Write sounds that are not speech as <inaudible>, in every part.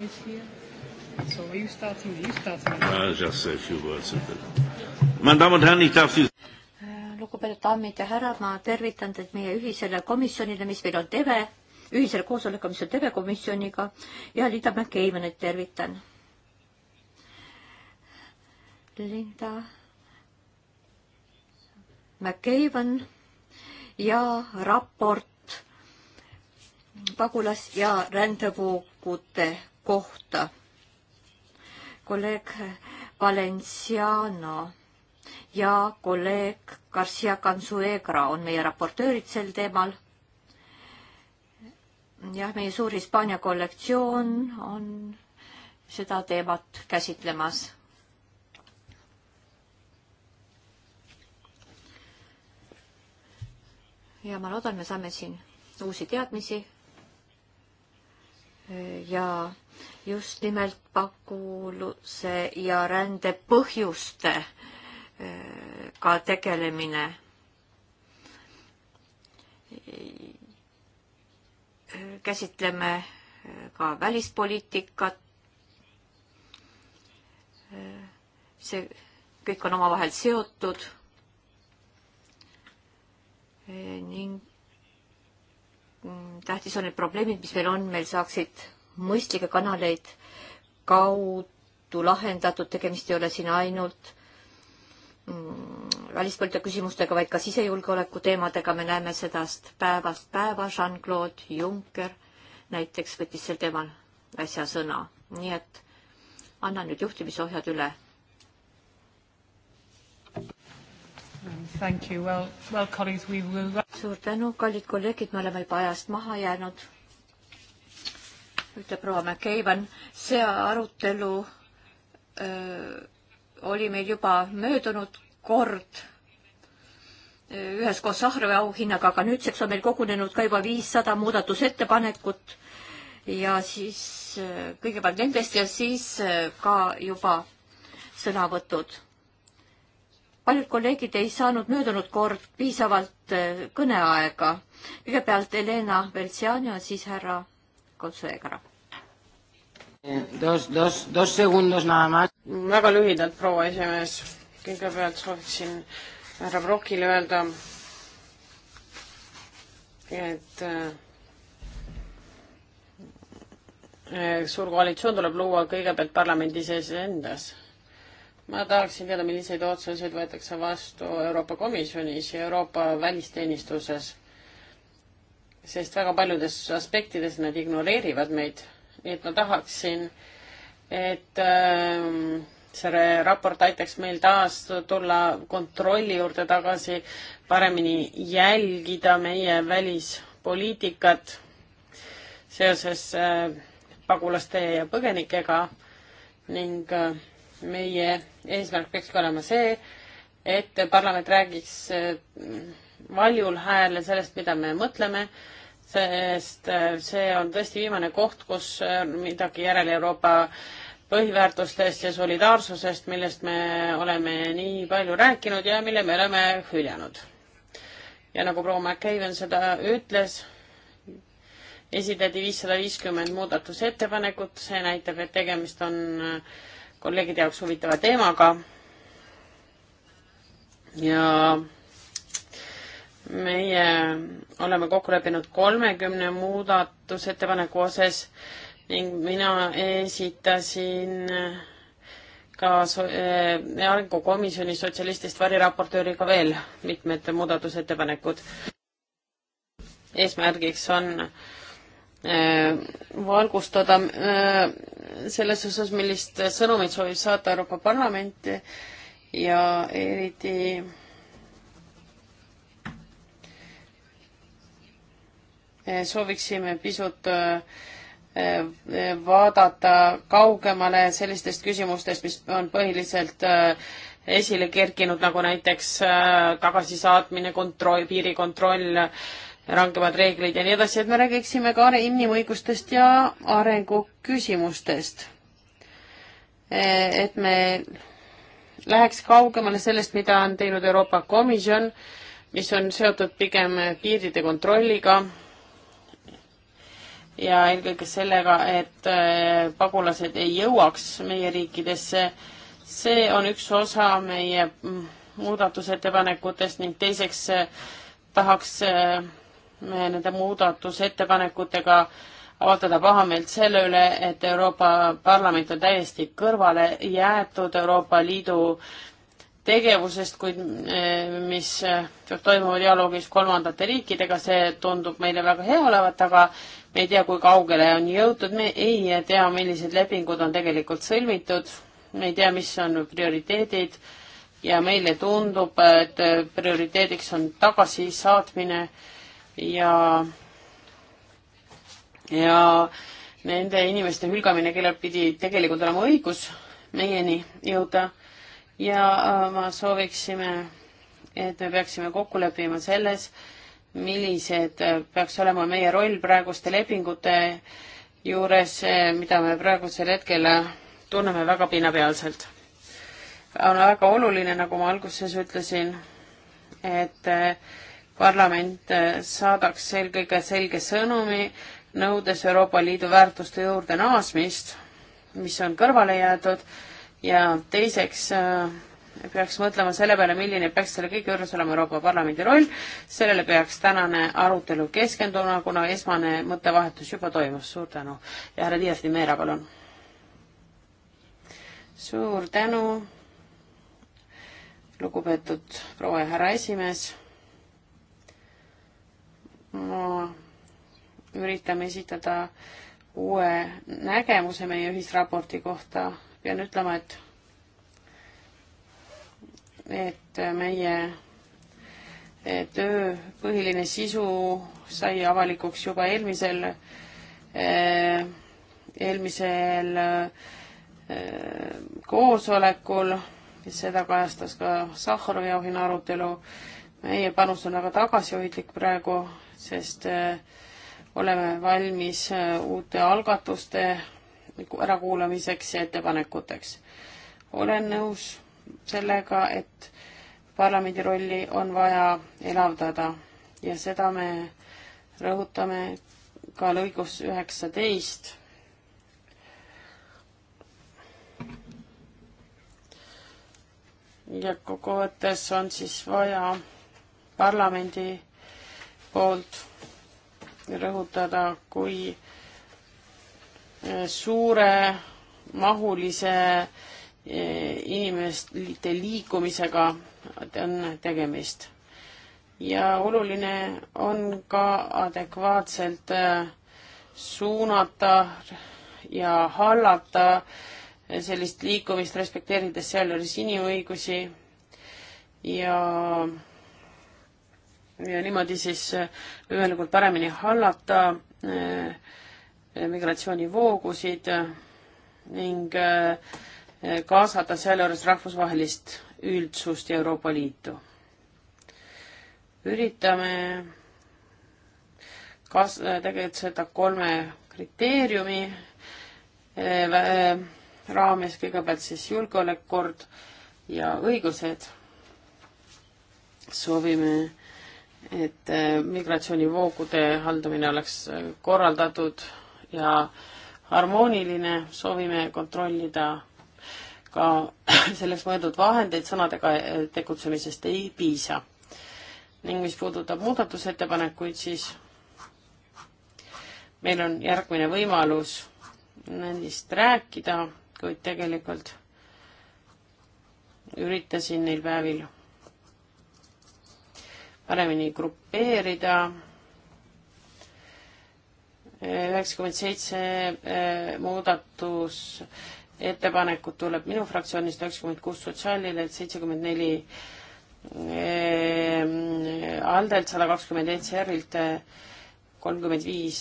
is here. So are you starting? Are you starting? Uh, just a few words. Meine Damen und Herren, ich darf Sie lugupeetud daamid ja härrad, ma tervitan teid meie ühisele komisjonile, mis meil on TV, ühisele koosolekule, mis on TV komisjoniga ja Linda McCavenit tervitan. Linda McCaven ja raport pagulas- ja rändevoogute kohta. kolleeg Valenciano ja kolleeg Garcia Cansuegra on meie raportöörid sel teemal. jah, meie suur Hispaania kollektsioon on seda teemat käsitlemas. ja ma loodan, me saame siin uusi teadmisi ja just nimelt pakkuluse ja rände põhjustega eh, tegelemine. käsitleme eh, ka välispoliitikat. Eh, see kõik on omavahel seotud ning tähtis on, et probleemid, mis meil on, meil saaksid mõistlikke kanaleid kaudu lahendatud, tegemist ei ole siin ainult mm, välispoliitika küsimustega, vaid ka sisejulgeoleku teemadega, me näeme sedast päevast päeva, Jean-Claude Juncker näiteks võttis sel teemal äsja sõna, nii et annan nüüd juhtimisohjad üle Thank you. Well, well, colleagues, we will... suur tänu, kallid kolleegid, me oleme juba ajast maha jäänud, ütleb proua McCaven. see arutelu öö, oli meil juba möödunud kord üheskoos Sahrovi auhinnaga, aga nüüdseks on meil kogunenud ka juba viissada muudatusettepanekut ja siis kõigepealt nendest ja siis ka juba sõnavõtud paljud kolleegid ei saanud möödunud kord piisavalt eh, kõneaega. kõigepealt Helena Beltsiani ja siis härra Kotsuegra. väga lühidalt, proua esimees. kõigepealt sooviksin härra Brokile öelda, et eh, suur koalitsioon tuleb luua kõigepealt parlamendi sees endas ma tahaksin teada, milliseid otsuseid võetakse vastu Euroopa Komisjonis ja Euroopa välisteenistuses, sest väga paljudes aspektides nad ignoreerivad meid, nii et ma tahaksin, et äh, see raport aitaks meil taas tulla kontrolli juurde tagasi, paremini jälgida meie välispoliitikat seoses äh, pagulaste ja põgenikega ning äh, meie eesmärk peakski olema see, et parlament räägiks eh, valjul häälel sellest, mida me mõtleme, sest eh, see on tõesti viimane koht, kus eh, midagi järele Euroopa põhiväärtustest ja solidaarsusest, millest me oleme nii palju rääkinud ja mille me oleme hüljanud. ja nagu proua McCaven seda ütles, esitati viissada viiskümmend muudatusettepanekut, see näitab, et tegemist on äh, kolleegide jaoks huvitava teemaga. ja meie oleme kokku leppinud kolmekümne muudatusettepaneku osas ning mina esitasin ka so äh, eh, arengukomisjoni sotsialistist variraportööriga veel mitmed muudatusettepanekud. eesmärgiks on äh, Äh, valgustada äh, selles osas, millist sõnumit soovib saata Euroopa Parlament ja eriti äh, sooviksime pisut vaadata kaugemale sellistest küsimustest, mis on põhiliselt esile kerkinud, nagu näiteks tagasisaatmine, kontroll, piirikontroll rangemad reeglid ja nii edasi, et me räägiksime ka inimõigustest ja arenguküsimustest. et me läheks kaugemale sellest, mida on teinud Euroopa Komisjon, mis on seotud pigem piiride kontrolliga ja eelkõige sellega, et äh, pagulased ei jõuaks meie riikidesse. see on üks osa meie mm, muudatusettepanekutest ning teiseks äh, tahaks äh, nende muudatusettepanekutega avaldada pahameelt selle üle, et Euroopa Parlament on täiesti kõrvale jäetud Euroopa Liidu tegevusest, kuid mis peab toimuma dialoogis kolmandate riikidega, see tundub meile väga hea olevat, aga me ei tea, kui kaugele on jõutud, me ei tea, millised lepingud on tegelikult sõlmitud, me ei tea, mis on prioriteedid ja meile tundub, et prioriteediks on tagasisaatmine äh, ja, ja nende inimeste hülgamine, kellel pidi tegelikult olema õigus meieni jõuda ja äh, ma sooviksime, et me peaksime kokku leppima selles, millised äh, peaks olema meie roll praeguste lepingute juures, äh, mida me praegusel hetkel tunneme väga pinnapealselt. on väga oluline, nagu ma alguses ütlesin, et äh, parlament äh, saadaks eelkõige selge sõnumi, nõudes Euroopa Liidu väärtuste juurde naasmist, mis on kõrvale jäetud, ja teiseks äh, peaks mõtlema selle peale, milline peaks selle kõige juures olema Euroopa Parlamendi roll, sellele peaks tänane arutelu keskenduma, kuna esmane mõttevahetus juba toimus, suur tänu. ja härra Dias de Meera, palun. suur tänu, lugupeetud proua ja härra esimees ma üritan esitada uue nägemuse meie ühisraporti kohta. pean ütlema, et et meie töö põhiline sisu sai avalikuks juba eelmisel, eh, eelmisel eh, koosolekul, seda kajastas ka Sahharovi auhinna arutelu. meie panus on väga tagasihoidlik praegu sest äh, oleme valmis äh, uute algatuste ärakuulamiseks ja ettepanekuteks. olen nõus sellega, et parlamendi rolli on vaja elavdada ja seda me rõhutame ka lõigus üheksateist ja kokkuvõttes on siis vaja parlamendi poolt rõhutada, kui eh, suuremahulise eh, inimeste liikumisega on tegemist. ja oluline on ka adekvaatselt eh, suunata ja hallata sellist liikumist, respekteerides sealjuures inimõigusi ja ja niimoodi siis võimalikult äh, paremini hallata äh, migratsioonivoogusid äh, ning kaasata sealjuures rahvusvahelist üldsust ja Euroopa Liitu. üritame kas-, tegutseda kolme kriteeriumi raames, kõigepealt siis julgeolekukord ja õigused. soovime et äh, migratsioonivoogude haldamine oleks äh, korraldatud ja harmooniline, soovime kontrollida ka <clears throat> selleks mõeldud vahendeid, sõnadega äh, tegutsemisest ei piisa. ning mis puudutab muudatusettepanekuid, siis meil on järgmine võimalus nendest rääkida, kuid tegelikult üritasin neil päevil paremini grupeerida. üheksakümmend seitse eh, muudatusettepanekut tuleb minu fraktsioonist, üheksakümmend kuus sotsiaalile, seitsekümmend neli eh, Aldelt, sada kakskümmend ECR-ilt, kolmkümmend viis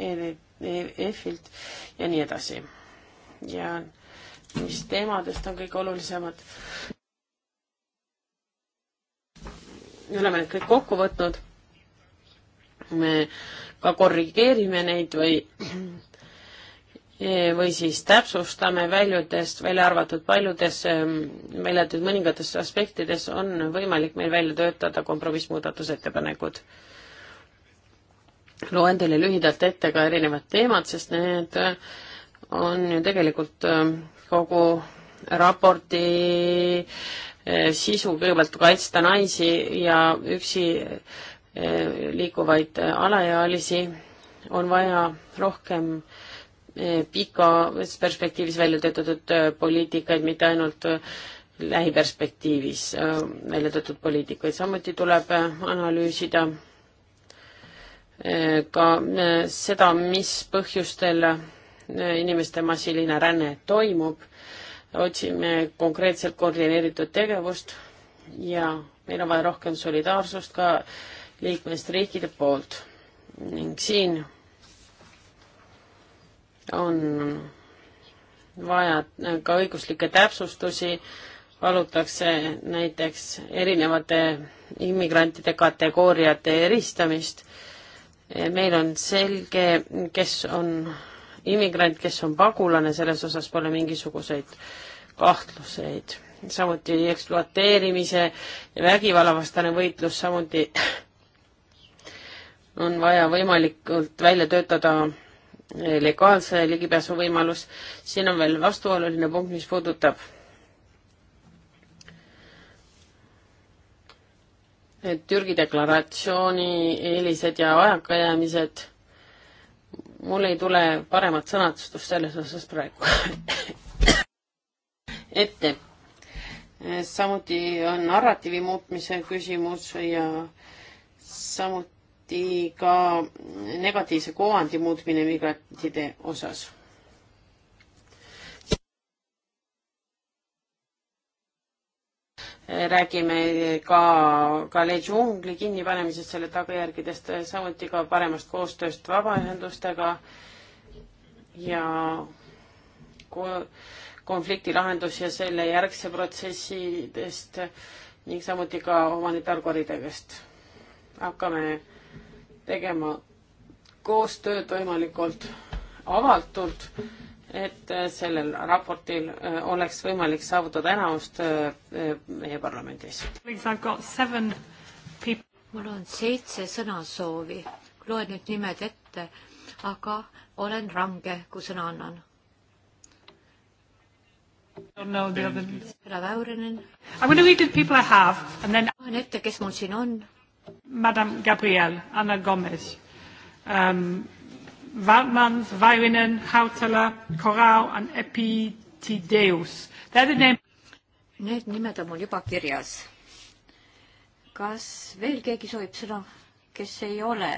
EF-ilt eh, e ja nii edasi. ja mis teemadest on kõige olulisemad? me oleme need kõik kokku võtnud. me ka korrigeerime neid või, või siis täpsustame väljudest, välja arvatud paljudes, ehm, välja arvatud mõningates aspektides on võimalik meil välja töötada kompromissmuudatusettepanekud. loen teile lühidalt ette ka erinevad teemad, sest need on ju tegelikult ehm, kogu raporti Eh, sisu, kõigepealt kaitsta naisi ja üksi eh, liikuvaid eh, alaealisi, on vaja rohkem pikas perspektiivis välja töötatud poliitikaid, mitte ainult lähiperspektiivis välja töötatud poliitikaid, samuti tuleb analüüsida ka seda, mis põhjustel inimeste massiline ränne toimub otsime konkreetselt koordineeritud tegevust ja meil on vaja rohkem solidaarsust ka liikmesriikide poolt ning siin on vaja ka õiguslikke täpsustusi, palutakse näiteks erinevate immigrantide kategooriate eristamist. meil on selge, kes on immigrant, kes on pagulane, selles osas pole mingisuguseid kahtluseid. samuti ekspluateerimise ja vägivallavastane võitlus, samuti <coughs> on vaja võimalikult välja töötada legaalse ligipääsu võimalus. siin on veel vastuoluline punkt, mis puudutab Türgi deklaratsiooni eelised ja vajakajäämised mul ei tule paremat sõnastust selles osas praegu ette. samuti on narratiivi muutmise küsimus ja samuti ka negatiivse kuvandi muutmine migrantide osas. räägime ka, ka Legiongli kinnipanemisest, selle tagajärgedest, samuti ka paremast koostööst vabaühendustega ja konflikti lahendus ja selle järgse protsessidest ning samuti ka humanitaarkoridorist. hakkame tegema koostööd võimalikult avatult et äh, sellel raportil äh, oleks võimalik saavutada enamust äh, meie parlamendis. mul on seitse sõnasoovi, loen nüüd nimed ette, aga olen range, kui sõna annan. härra Väurinen. loen ette, kes mul siin on. Madame Gabriel, Anna Gomez um,. Valmans, Vainen, Hautala, Corral and Epitideus. Need nimed on mul juba kirjas. kas veel keegi soovib sõna, kes ei ole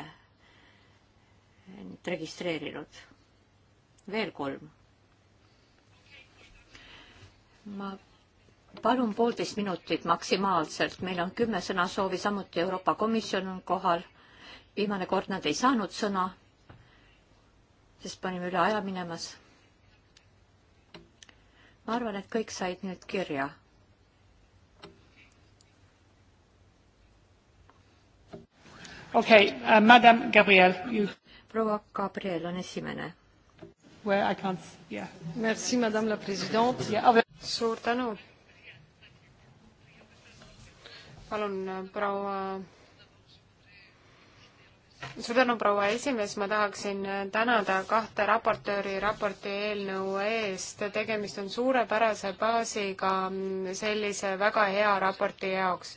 end registreerinud? veel kolm. ma palun poolteist minutit maksimaalselt, meil on kümme sõnasoovi, samuti Euroopa Komisjon on kohal. viimane kord nad ei saanud sõna sest panime üle aja minemas. ma arvan, et kõik said nüüd kirja. okei okay, uh,, madam Gabriel you.... proua Gabriel on esimene. Where I can't, yeah. Merci, madame la president oh, yeah.. suur tänu. palun, proua suur tänu, proua esimees, ma tahaksin äh, tänada kahte raportööri raporti eelnõu eest, tegemist on suurepärase baasiga mm, sellise väga hea raporti jaoks.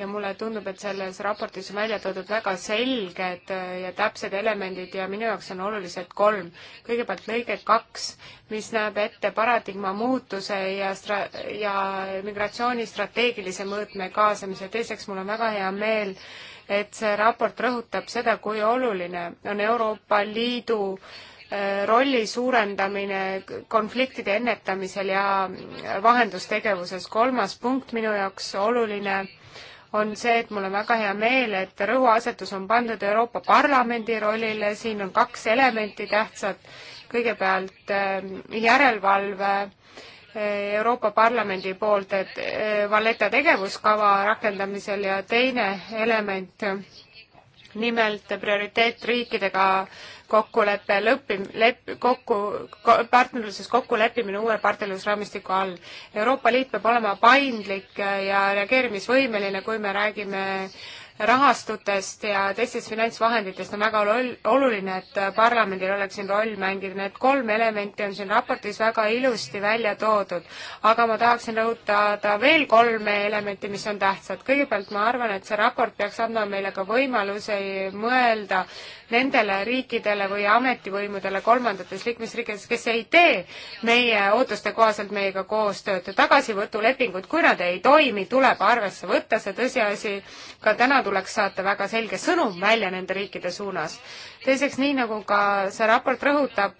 ja mulle tundub, et selles raportis on välja toodud väga selged äh, ja täpsed elemendid ja minu jaoks on olulised kolm. kõigepealt lõige kaks, mis näeb ette paradigma muutuse ja stra-, ja migratsiooni strateegilise mõõtme kaasamise, teiseks mul on väga hea meel, et see raport rõhutab seda, kui oluline on Euroopa Liidu äh, rolli suurendamine konfliktide ennetamisel ja äh, vahendustegevuses. kolmas punkt minu jaoks oluline on see, et mul on väga hea meel, et rõhuasetus on pandud Euroopa Parlamendi rollile, siin on kaks elementi tähtsat. kõigepealt äh, järelevalve Euroopa Parlamendi poolt, et eh, Valletta tegevuskava rakendamisel ja teine element, nimelt prioriteetriikidega kokkuleppe lõppi, lepp, kokku ko,, partnerluses kokkuleppimine uue partnerlusraamistiku all. Euroopa Liit peab olema paindlik ja reageerimisvõimeline, kui me räägime äh, rahastutest ja teistest finantsvahenditest on väga oluline, et parlamendil oleks siin roll mängida. Need kolm elementi on siin raportis väga ilusti välja toodud, aga ma tahaksin rõhutada veel kolme elementi, mis on tähtsad. kõigepealt ma arvan, et see raport peaks andma meile ka võimaluse mõelda nendele riikidele või ametivõimudele kolmandates liikmesriikides, kes ei tee meie ootuste kohaselt meiega koostööd. tagasivõtulepingud, kui nad ei toimi, tuleb arvesse võtta see tõsiasi. ka täna tuleb tuleks saata väga selge sõnum välja nende riikide suunas. teiseks, nii nagu ka see raport rõhutab,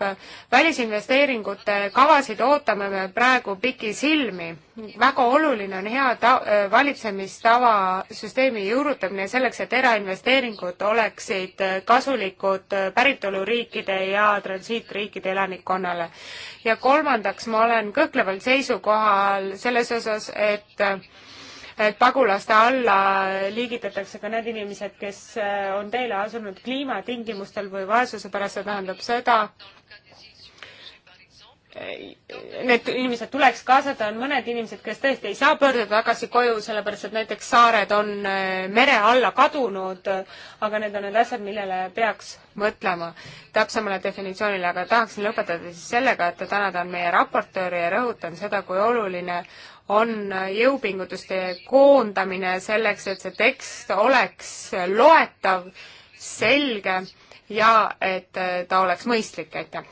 välisinvesteeringute kavasid ootame me praegu pikisilmi. väga oluline on hea ta-, valitsemistava süsteemi juurutamine selleks, et erainvesteeringud oleksid kasulikud päritoluriikide ja transiitriikide elanikkonnale. ja kolmandaks, ma olen kõhkleval seisukohal selles osas, et et pagulaste alla liigitatakse ka need inimesed, kes äh, on teele asunud kliimatingimustel või vaesuse pärast, see tähendab seda, need inimesed tuleks kaasata, on mõned inimesed, kes tõesti ei saa pöörduda tagasi koju, sellepärast et näiteks saared on äh, mere alla kadunud, aga need on need asjad, millele peaks mõtlema täpsemale definitsioonile, aga tahaksin lõpetada siis sellega, et tänadan meie raportööri ja rõhutan seda, kui oluline on jõupingutuste koondamine selleks, et see tekst oleks loetav, selge ja et äh, ta oleks mõistlik, aitäh!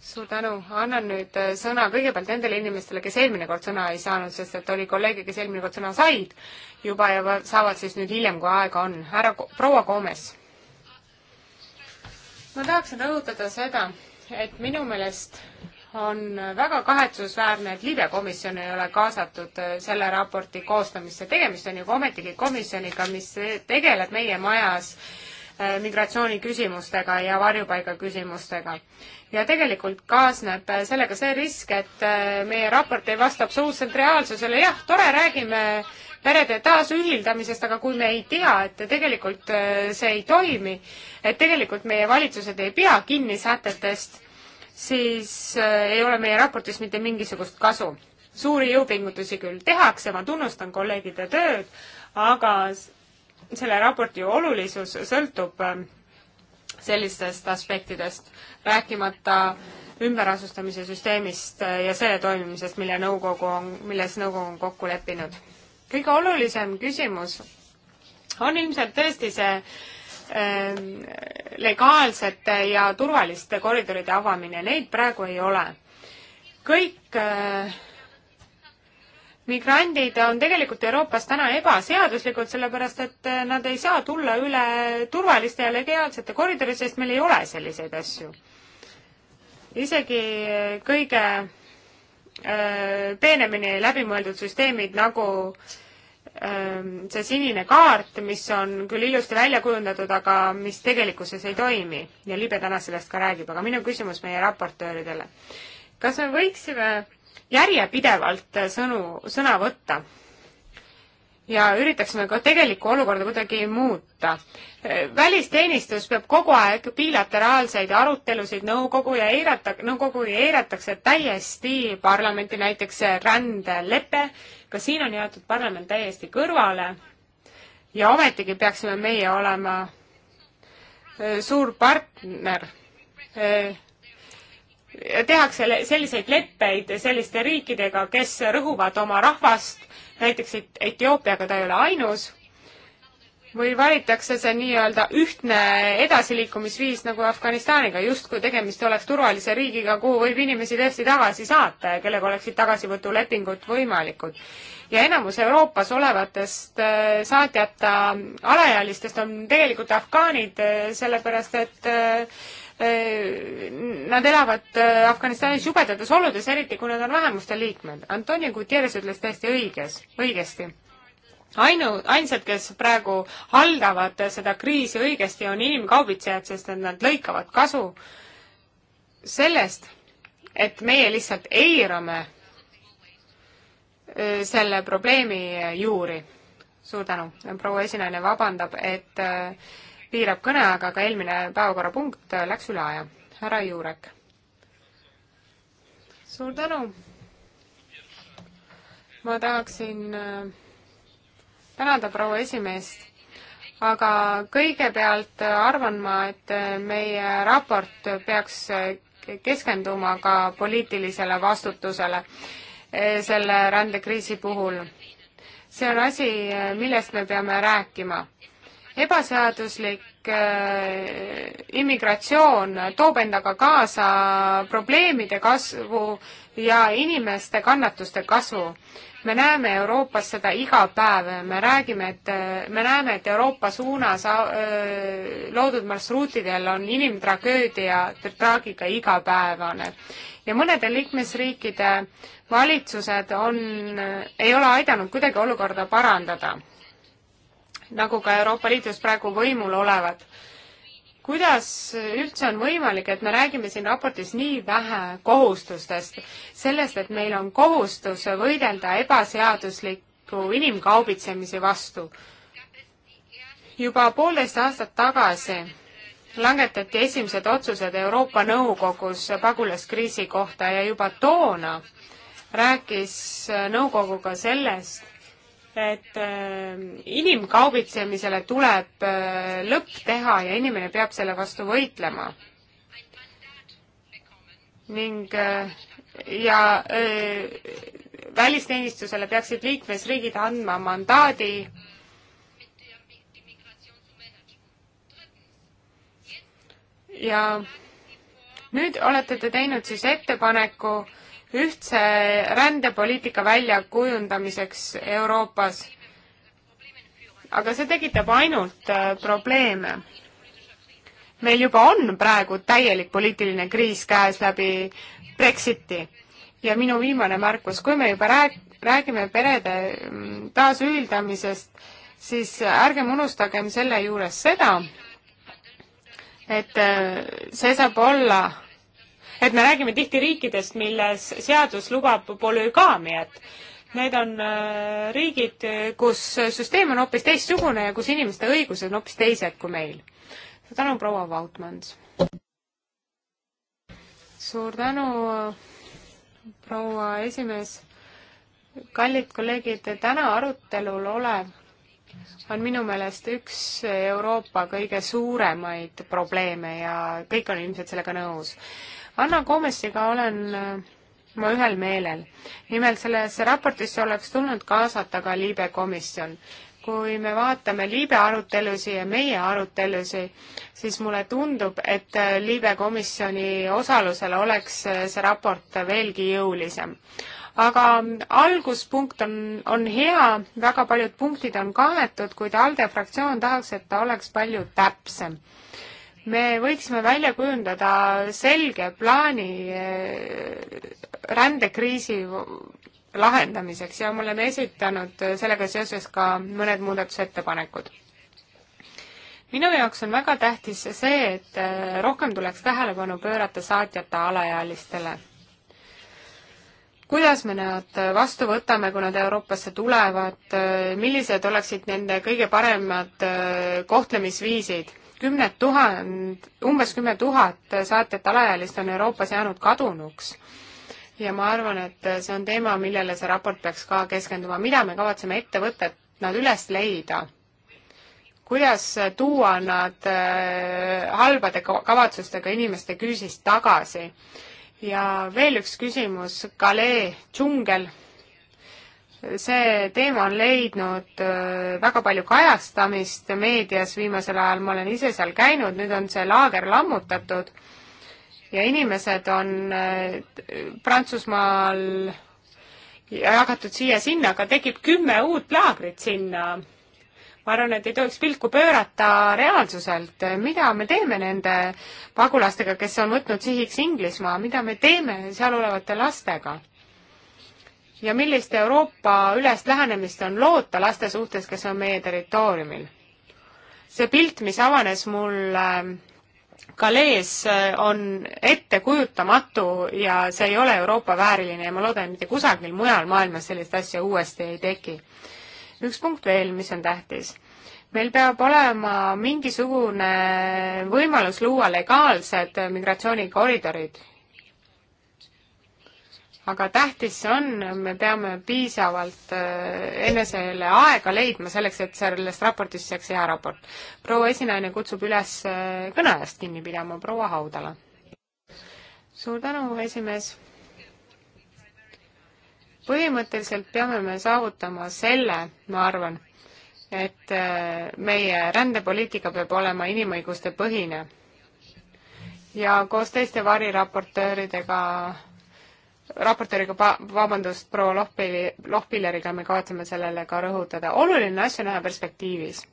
suur tänu, annan nüüd äh, sõna kõigepealt nendele inimestele, kes eelmine kord sõna ei saanud, sest et oli kolleege, kes eelmine kord sõna said juba ja saavad siis nüüd hiljem, kui aega on. härra, proua Koomes. ma tahaksin rõhutada seda, et minu meelest on väga kahetsusväärne, et Liibe komisjon ei ole kaasatud äh, selle raporti koostamisse. tegemist on ju ometigi komisjoniga, mis äh, tegeleb meie majas äh, Äh, migratsiooniküsimustega ja varjupaigaküsimustega. ja tegelikult kaasneb äh, sellega see risk, et äh, meie raport ei vasta absoluutselt reaalsusele, jah, tore, räägime perede taasühildamisest, aga kui me ei tea, et tegelikult see ei toimi, et tegelikult meie valitsused ei pea kinni sätetest, siis ei ole meie raportist mitte mingisugust kasu. suuri jõupingutusi küll tehakse, ma tunnustan kolleegide tööd, aga selle raporti olulisus sõltub ähm, sellistest aspektidest, rääkimata ümberasustamise süsteemist äh, ja selle toimimisest, mille nõukogu on, milles nõukogu on kokku leppinud. kõige olulisem küsimus on ilmselt tõesti see äh, legaalsete ja turvaliste koridoride avamine, neid praegu ei ole. kõik äh, migrandid on tegelikult Euroopas täna ebaseaduslikud, sellepärast et eh, nad ei saa tulla üle turvaliste ja legaalsete koridoride, sest meil ei ole selliseid asju. isegi eh, kõige öö, eh, peenemini läbimõeldud süsteemid nagu öö, see sinine kaart, mis on küll ilusti välja kujundatud, aga mis tegelikkuses ei toimi ja Libe täna sellest ka räägib, aga minu küsimus meie raportööridele. kas me võiksime järjepidevalt sõnu, sõna võtta. ja üritaksime ka tegelikku olukorda kuidagi muuta. välisteenistus peab kogu aeg bilateraalseid arutelusid nõukogu ja eirata, nõukogu ja eiratakse täiesti parlamenti, näiteks rändelepe, ka siin on jäetud parlament täiesti kõrvale ja ometigi peaksime meie olema äh, suur partner äh, tehakse selliseid leppeid selliste riikidega, kes rõhuvad oma rahvast, näiteks Etioopiaga ta ei ole ainus, või valitakse see nii-öelda ühtne edasiliikumisviis nagu Afganistaniga, justkui tegemist oleks turvalise riigiga, kuhu võib inimesi tõesti tagasi saata ja kellega oleksid tagasivõtulepingud võimalikud. ja enamus Euroopas olevatest äh, saatjata alaealistest on tegelikult afgaanid, äh, sellepärast et äh, Äh, nad elavad äh, Afganistanis jubedates oludes, eriti kui nad on vähemuste liikmed. Antonio Gutierrez ütles täiesti õiges, õigesti ainu, ainsad, kes praegu haldavad seda kriisi õigesti, on inimkaubitsejad, sest et nad lõikavad kasu sellest, et meie lihtsalt eirame äh, selle probleemi juuri. suur tänu, proua esinaine vabandab, et äh, piirab kõneaega, aga eelmine päevakorrapunkt läks üle aja. härra Juurek. suur tänu. ma tahaksin äh, tänada proua esimeest, aga kõigepealt arvan ma, et meie raport peaks keskenduma ka poliitilisele vastutusele äh, selle rändekriisi puhul. see on asi, äh, millest me peame rääkima ebaseaduslik äh, immigratsioon toob endaga kaasa probleemide kasvu ja inimeste kannatuste kasvu. me näeme Euroopas seda iga päev, me räägime, et me näeme, et Euroopa suunas äh, loodud marsruutidel on inimtragöödia, traagika igapäevane. ja mõnede liikmesriikide valitsused on, ei ole aidanud kuidagi olukorda parandada nagu ka Euroopa Liidus praegu võimul olevad. kuidas üldse on võimalik, et me räägime siin raportis nii vähe kohustustest, sellest, et meil on kohustus võidelda ebaseadusliku inimkaubitsemise vastu? juba poolteist aastat tagasi langetati esimesed otsused Euroopa Nõukogus pagulaskriisi kohta ja juba toona rääkis nõukogu ka sellest, et äh, inimkaubitsemisele tuleb äh, lõpp teha ja inimene peab selle vastu võitlema. ning äh, ja välisteenistusele peaksid liikmesriigid andma mandaadi ja nüüd olete te teinud siis ettepaneku äh, ühtse rändepoliitika väljakujundamiseks Euroopas. aga see tekitab ainult äh, probleeme. meil juba on praegu täielik poliitiline kriis käes läbi Brexiti ja minu viimane märkus, kui me juba rääk-, räägime perede mm, taasühildamisest, siis ärgem unustagem selle juures seda, et äh, see saab olla et me räägime tihti riikidest, milles seadus lubab polügaamiat. Need on äh, riigid, kus süsteem on hoopis teistsugune ja kus inimeste õigused on hoopis teised kui meil. tänu, proua Vautmans! suur tänu, proua esimees! kallid kolleegid, täna arutelul olev on minu meelest üks Euroopa kõige suuremaid probleeme ja kõik on ilmselt sellega nõus. Anna Komessiga olen äh, ma ühel meelel. nimelt sellesse raportisse oleks tulnud kaasata ka Liibe komisjon. kui me vaatame Liibe arutelusi ja meie arutelusi, siis mulle tundub, et äh, Liibe komisjoni osalusel oleks äh, see raport veelgi jõulisem aga alguspunkt on, on hea, väga paljud punktid on kaetud, kuid ALDE fraktsioon tahaks, et ta oleks palju täpsem me võiksime välja kujundada selge plaani eh, rändekriisi lahendamiseks ja me oleme esitanud sellega seoses ka mõned muudatusettepanekud. minu jaoks on väga tähtis see, et eh, rohkem tuleks tähelepanu pöörata saatjate alaealistele kuidas me nad vastu võtame, kui nad Euroopasse tulevad, millised oleksid nende kõige paremad äh, kohtlemisviisid? kümned tuhand, umbes kümme tuhat saatjat alaealist on Euroopas jäänud kadunuks. ja ma arvan, et see on teema, millele see raport peaks ka keskenduma, mida me kavatseme ette võtta, et nad üles leida kuidas tuua nad äh, halbade kavatsustega inimeste küüsist tagasi ja veel üks küsimus, Galee džungel. see teema on leidnud äh, väga palju kajastamist meedias viimasel ajal, ma olen ise seal käinud, nüüd on see laager lammutatud ja inimesed on äh, Prantsusmaal jagatud siia-sinna, aga tekib kümme uut laagrit sinna ma arvan, et ei tohiks pilku pöörata reaalsuselt, mida me teeme nende pagulastega, kes on võtnud sihiks Inglismaa, mida me teeme seal olevate lastega? ja millist Euroopa ülest lähenemist on loota laste suhtes, kes on meie territooriumil? see pilt, mis avanes mul Galees ähm, äh, on ettekujutamatu ja see ei ole Euroopa vääriline ja ma loodan, et mitte kusagil mujal maailmas sellist asja uuesti ei teki üks punkt veel, mis on tähtis. meil peab olema mingisugune võimalus luua legaalsed migratsioonikoridorid. aga tähtis see on, me peame piisavalt äh, enesele aega leidma selleks, et sellest raportist saaks hea raport. proua esinaine kutsub üles äh, kõne ajast kinni pidama, proua Haudala. suur tänu, esimees põhimõtteliselt peame me saavutama selle, ma arvan, et äh, meie rändepoliitika peab olema inimõiguste põhine. ja koos teiste variraportööridega, raportööriga, vabandust, proua Lohpili, Lohpilleriga me kavatseme sellele ka rõhutada. oluline asja näha perspektiivis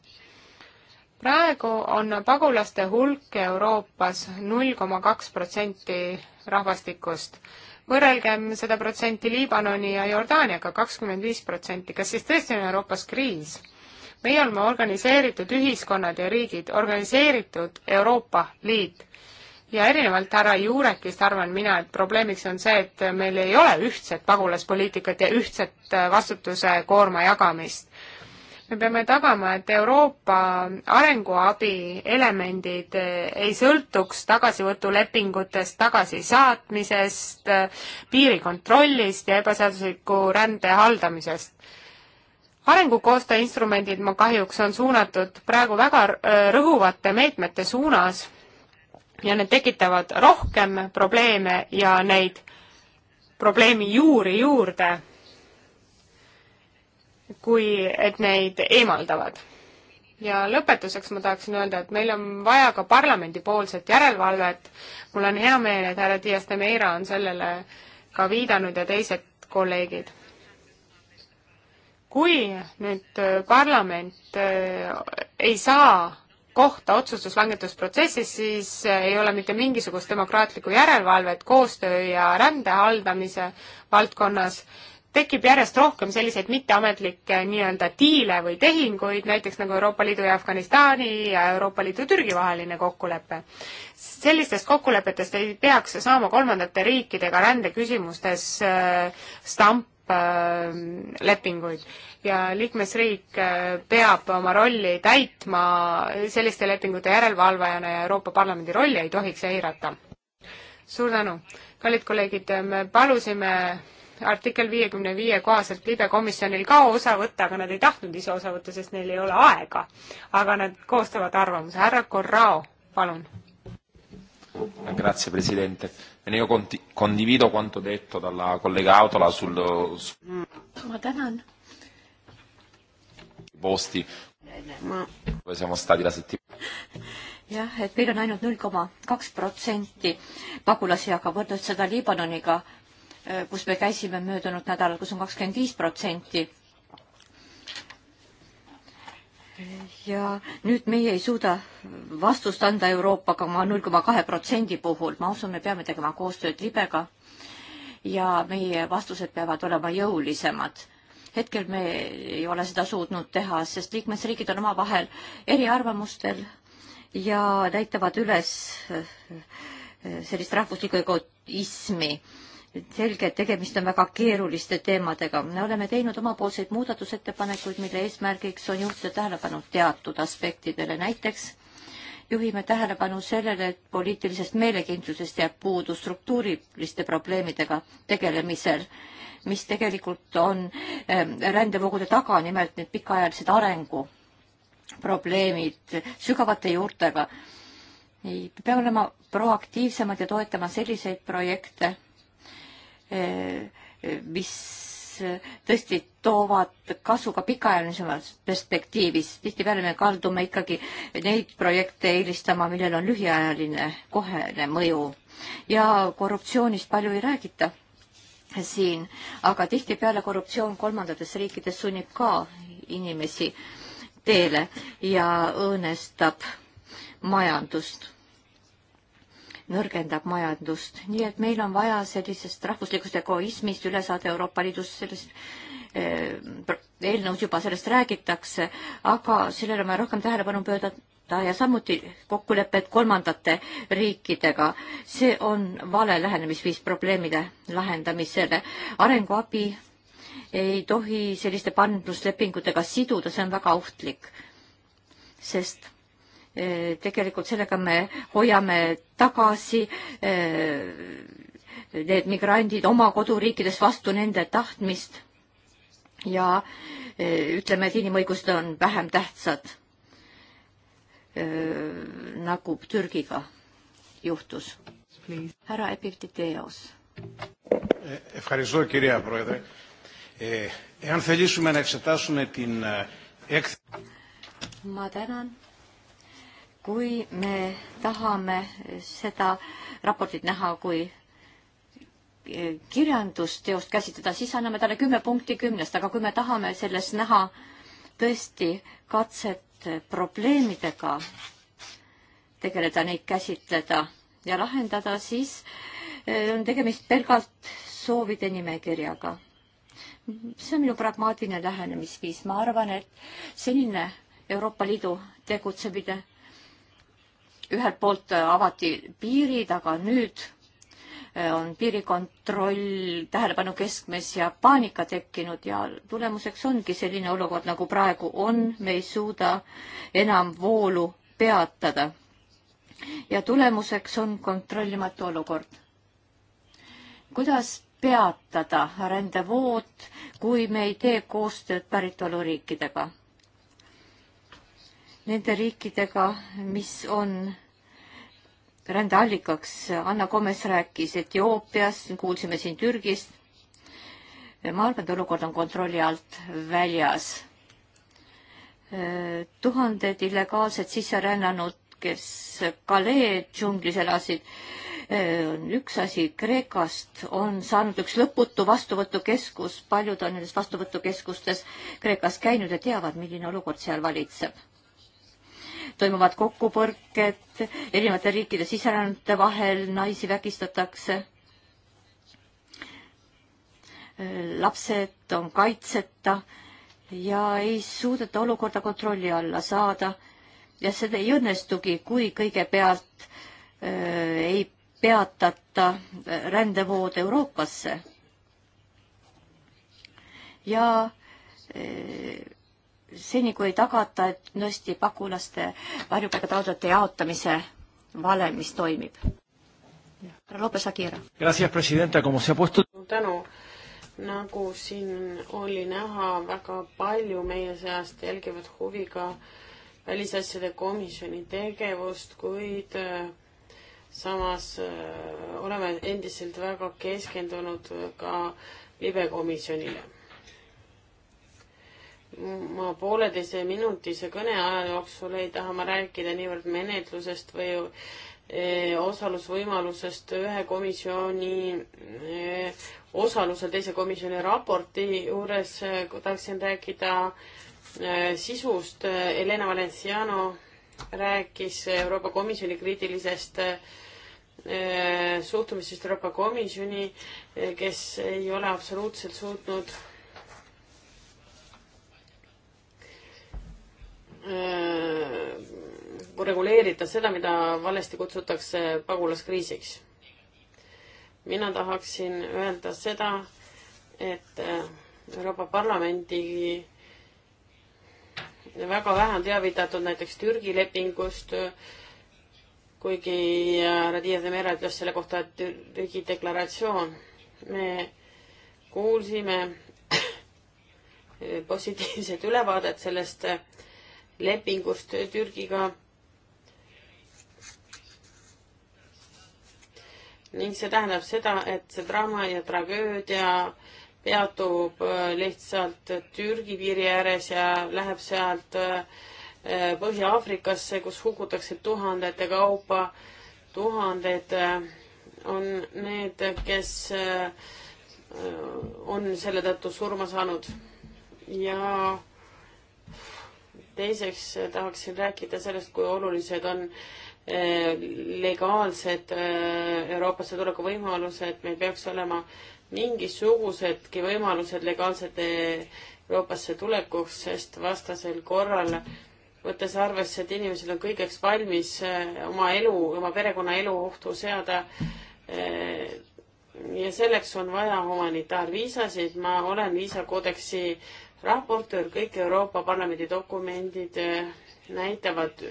praegu on pagulaste hulk Euroopas null koma kaks protsenti rahvastikust võrrelgem seda protsenti Liibanoni ja Jordaaniaga, kakskümmend viis protsenti, kas siis tõesti on Euroopas kriis? meie oleme organiseeritud ühiskonnad ja riigid, organiseeritud Euroopa Liit. ja erinevalt härra Juurekist arvan mina, et probleemiks on see, et meil ei ole ühtset pagulaspoliitikat ja ühtset äh, vastutuse koorma jagamist me peame tagama, et Euroopa arenguabi elemendid eh, ei sõltuks tagasivõtulepingutest, tagasisaatmisest, piirikontrollist ja ebaseadusliku rände haldamisest arengukoostöö instrumendid, ma kahjuks, on suunatud praegu väga eh, rõhuvate meetmete suunas ja need tekitavad rohkem probleeme ja neid probleemi juuri juurde kui et neid eemaldavad. ja lõpetuseks ma tahaksin öelda, et meil on vaja ka parlamendipoolset järelevalvet. mul on hea meel, et härra Dias de Meira on sellele ka viidanud ja teised kolleegid. kui nüüd äh, parlament äh, ei saa kohta otsustuslangetusprotsessis, siis äh, ei ole mitte mingisugust demokraatlikku järelevalvet koostöö ja rände haldamise valdkonnas tekib järjest rohkem selliseid mitteametlikke eh, nii-öelda diile või tehinguid, näiteks nagu Euroopa Liidu ja Afganistani ja Euroopa Liidu Türgi vaheline kokkulepe. sellistest kokkulepetest ei peaks saama kolmandate riikidega rändeküsimustes eh, stamp, eh, lepinguid ja liikmesriik peab oma rolli täitma selliste lepingute järelevalvajana ja Euroopa Parlamendi rolli ei tohiks eirata. suur tänu! kallid kolleegid, me palusime artikkel viiekümne viie kohaselt libekomisjonil ka osa võtta, aga nad ei tahtnud ise osa võtta, sest neil ei ole aega. aga nad koostavad arvamuse. härra Corrao, palun. Grazie Presidente. E io condivido quanto detto dalla collega Autola sul... Ma tänan. Posti. Ma... Dove siamo stati la settimana jah, et meil on ainult null koma kaks protsenti pagulasi, aga võrdled seda Liibanoniga, Äh, kus me käisime möödunud nädalal, kus on kakskümmend viis protsenti. ja nüüd meie ei suuda vastust anda Euroopaga oma null koma kahe protsendi puhul, ma usun, me peame tegema koostööd libega ja meie vastused peavad olema jõulisemad hetkel me ei ole seda suutnud teha, sest liikmesriigid on omavahel eriarvamustel ja näitavad üles äh, äh, sellist rahvuslikku egoismi selge, et tegemist on väga keeruliste teemadega. me oleme teinud omapoolseid muudatusettepanekuid, mille eesmärgiks on juhtida tähelepanu teatud aspektidele, näiteks juhime tähelepanu sellele, et poliitilisest meelekindlusest jääb puudu struktuuriliste probleemidega tegelemisel, mis tegelikult on ähm, rändevoogude taga, nimelt need pikaajalised arenguprobleemid sügavate juurtega. peame olema proaktiivsemad ja toetama selliseid projekte, Eh, mis tõesti toovad kasu ka pikaajalisemas perspektiivis. tihtipeale me kaldume ikkagi neid projekte eelistama, millel on lühiajaline kohene mõju ja korruptsioonist palju ei räägita siin, aga tihtipeale korruptsioon kolmandates riikides sunnib ka inimesi teele ja õõnestab majandust nõrgendab majandust. nii et meil on vaja sellisest rahvuslikust egoismist üle saada Euroopa Liidus, sellest eh, eelnõus juba sellest räägitakse, aga sellele on vaja rohkem tähelepanu pöörata ja samuti kokkulepped kolmandate riikidega. see on vale lähenemisviis probleemide lahendamisele. arenguabi ei tohi selliste pandluslepingutega siduda, see on väga ohtlik, sest tegelikult sellega me hoiame tagasi need migrandid oma koduriikides vastu nende tahtmist ja ütleme, et inimõigused on vähem tähtsad nagu Türgiga juhtus. härra Epiptiteos. Ευχαριστώ κυρία Πρόεδρε. Ε, εάν θελήσουμε να εξετάσουμε την έκθεση... Μα τέναν kui me tahame seda raportit näha kui e, kirjandusteost käsitleda, siis anname talle kümme punkti kümnest, aga kui me tahame selles näha tõesti katset probleemidega tegeleda, neid käsitleda ja lahendada, siis e, on tegemist pelgalt soovide nimekirjaga. see on minu pragmaatiline lähenemisviis, ma arvan, et senine Euroopa Liidu tegutsemine ühelt poolt äh, avati piirid, aga nüüd äh, on piirikontroll tähelepanu keskmes ja paanika tekkinud ja tulemuseks ongi selline olukord, nagu praegu on, me ei suuda enam voolu peatada. ja tulemuseks on kontrollimatu olukord. kuidas peatada rändevood, kui me ei tee koostööd päritoluriikidega? nende riikidega, mis on rändeallikaks. Anna Komes rääkis Etioopiast, kuulsime siin Türgist. ma arvan, et olukord on kontrolli alt väljas. tuhanded illegaalsed sisserännanud, kes Kalee džunglis elasid, on üks asi, Kreekast on saanud üks lõputu vastuvõtukeskus, paljud on nendes vastuvõtukeskustes Kreekas käinud ja teavad, milline olukord seal valitseb toimuvad kokkupõrked erinevate riikide siserännute vahel, naisi vägistatakse. lapsed on kaitseta ja ei suudeta olukorda kontrolli alla saada ja seda ei õnnestugi, kui kõigepealt öö, äh, ei peatata äh, rändevood Euroopasse. ja öö, äh, seni, kui ei tagata, et nõsti pagulaste varjupaiga taotlejate jaotamise valem, mis toimib. härra Lopes Aguirre. tänu nagu siin oli näha, väga palju meie seast jälgivad huviga välisasjade komisjoni tegevust, kuid äh, samas äh, oleme endiselt väga keskendunud äh, ka libekomisjonile ma pooleteise minutise kõneaja jooksul ei taha ma rääkida niivõrd menetlusest või eh, osalusvõimalusest ühe komisjoni eh, osalusel teise komisjoni raporti juures, tahaksin rääkida eh, sisust. Helena Valenciano rääkis Euroopa Komisjoni kriitilisest suhtumisest Euroopa Komisjoni, kes ei ole absoluutselt suutnud Äh, reguleerida seda, mida valesti kutsutakse pagulaskriisiks. mina tahaksin öelda seda, et äh, Euroopa Parlamendi väga vähe on teavitatud näiteks Türgi lepingust, kuigi äh, Radia Demera ütles selle kohta, et Türgi deklaratsioon. me kuulsime <coughs> positiivset ülevaadet sellest äh, lepingust Türgiga. ning see tähendab seda, et see draama ja tragöödia peatub äh, lihtsalt Türgi piiri ääres ja läheb sealt äh, Põhja-Aafrikasse, kus hukutakse tuhandete kaupa. tuhanded äh, on need, kes on selle tõttu surma saanud ja teiseks äh, tahaksin rääkida sellest, kui olulised on äh, legaalsed äh, Euroopasse tuleku võimalused, meil peaks olema mingisugusedki võimalused legaalsete Euroopasse tulekuks, sest vastasel korral, võttes arvesse, et inimesed on kõigeks valmis oma elu, oma perekonna elu ohtu seada, ja selleks on vaja humanitaarviisasid, ma olen viisakoodeksi raportöör, kõik Euroopa Parlamendi dokumendid eh, näitavad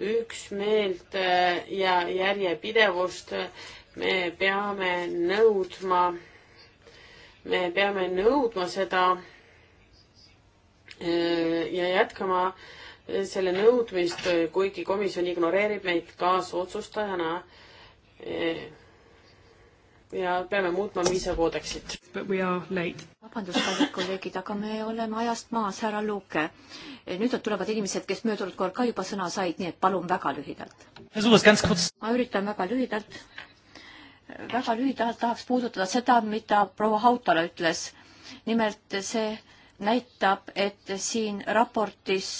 üksmeelt eh, ja järjepidevust. me peame nõudma, me peame nõudma seda eh, ja jätkama selle nõudmist, kuigi komisjon ignoreerib meid kaasotsustajana. ja peame muutma viisakoodeksit. But we are late vabandust, kallid kolleegid, aga me oleme ajast maas, härra Luuke. nüüd tulevad inimesed, kes möödunud kord ka juba sõna said, nii et palun väga lühidalt. ma üritan väga lühidalt. väga lühidalt tahaks puudutada seda, mida proua Hautala ütles. nimelt see näitab, et siin raportis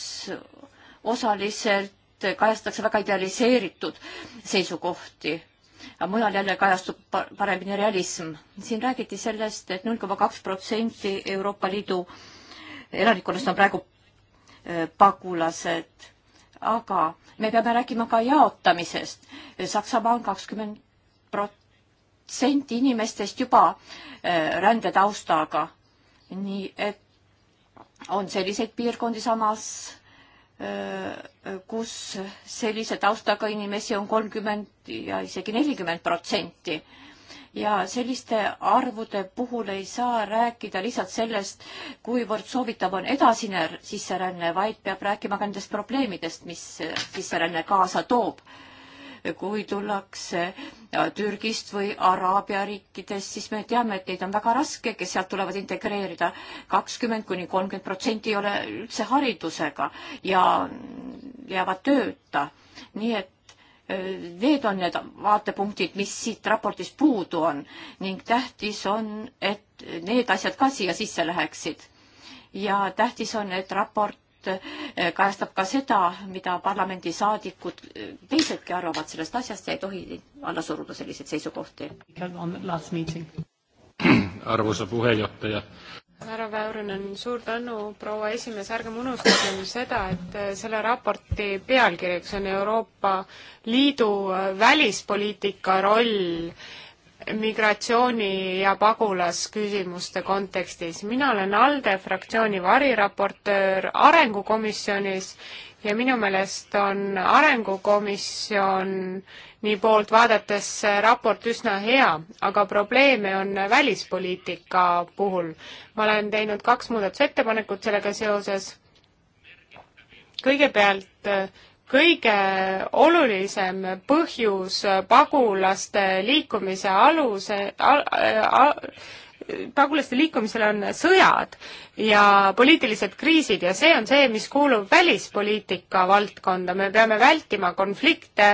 osaliselt kajastatakse väga idealiseeritud seisukohti aga mujal jälle kajastub paremini realism. siin räägiti sellest et, et null koma kaks protsenti Euroopa Liidu elanikkonnast on praegu äh, pagulased, aga me peame rääkima ka jaotamisest. Saksamaa on kakskümmend protsenti inimestest juba äh, rändetaustaga. nii et on selliseid piirkondi samas kus sellise taustaga inimesi on kolmkümmend ja isegi nelikümmend protsenti. ja selliste arvude puhul ei saa rääkida lihtsalt sellest, kuivõrd soovitav on edasine sisseränne, vaid peab rääkima ka nendest probleemidest, mis sisseränne kaasa toob kui tullakse äh, Türgist või Araabia riikidest, siis me teame, et neid on väga raske, kes sealt tulevad integreerida. kakskümmend kuni kolmkümmend protsenti ei ole üldse haridusega ja jäävad tööta. nii et äh, need on need vaatepunktid, mis siit raportist puudu on ning tähtis on, et need asjad ka siia sisse läheksid. ja tähtis on, et raport Eh, kajastab ka seda, mida parlamendisaadikud eh, teisedki arvavad sellest asjast ja ei tohi alla suruda selliseid seisukohti. <clears throat> arvuse puheenjohtaja. härra Väyrynen, suur tänu, proua esimees, ärgem unustagem seda, et eh, selle raporti pealkirjaks on Euroopa Liidu välispoliitika roll migratsiooni ja pagulasküsimuste kontekstis. mina olen ALDE fraktsiooni variraportöör Arengukomisjonis ja minu meelest on Arengukomisjon nii poolt vaadates see raport üsna hea, aga probleeme on välispoliitika puhul. ma olen teinud kaks muudatusettepanekut sellega seoses. kõigepealt kõige olulisem põhjus pagulaste liikumise aluse al,, al, pagulaste liikumisel on sõjad ja poliitilised kriisid ja see on see, mis kuulub välispoliitika valdkonda, me peame vältima konflikte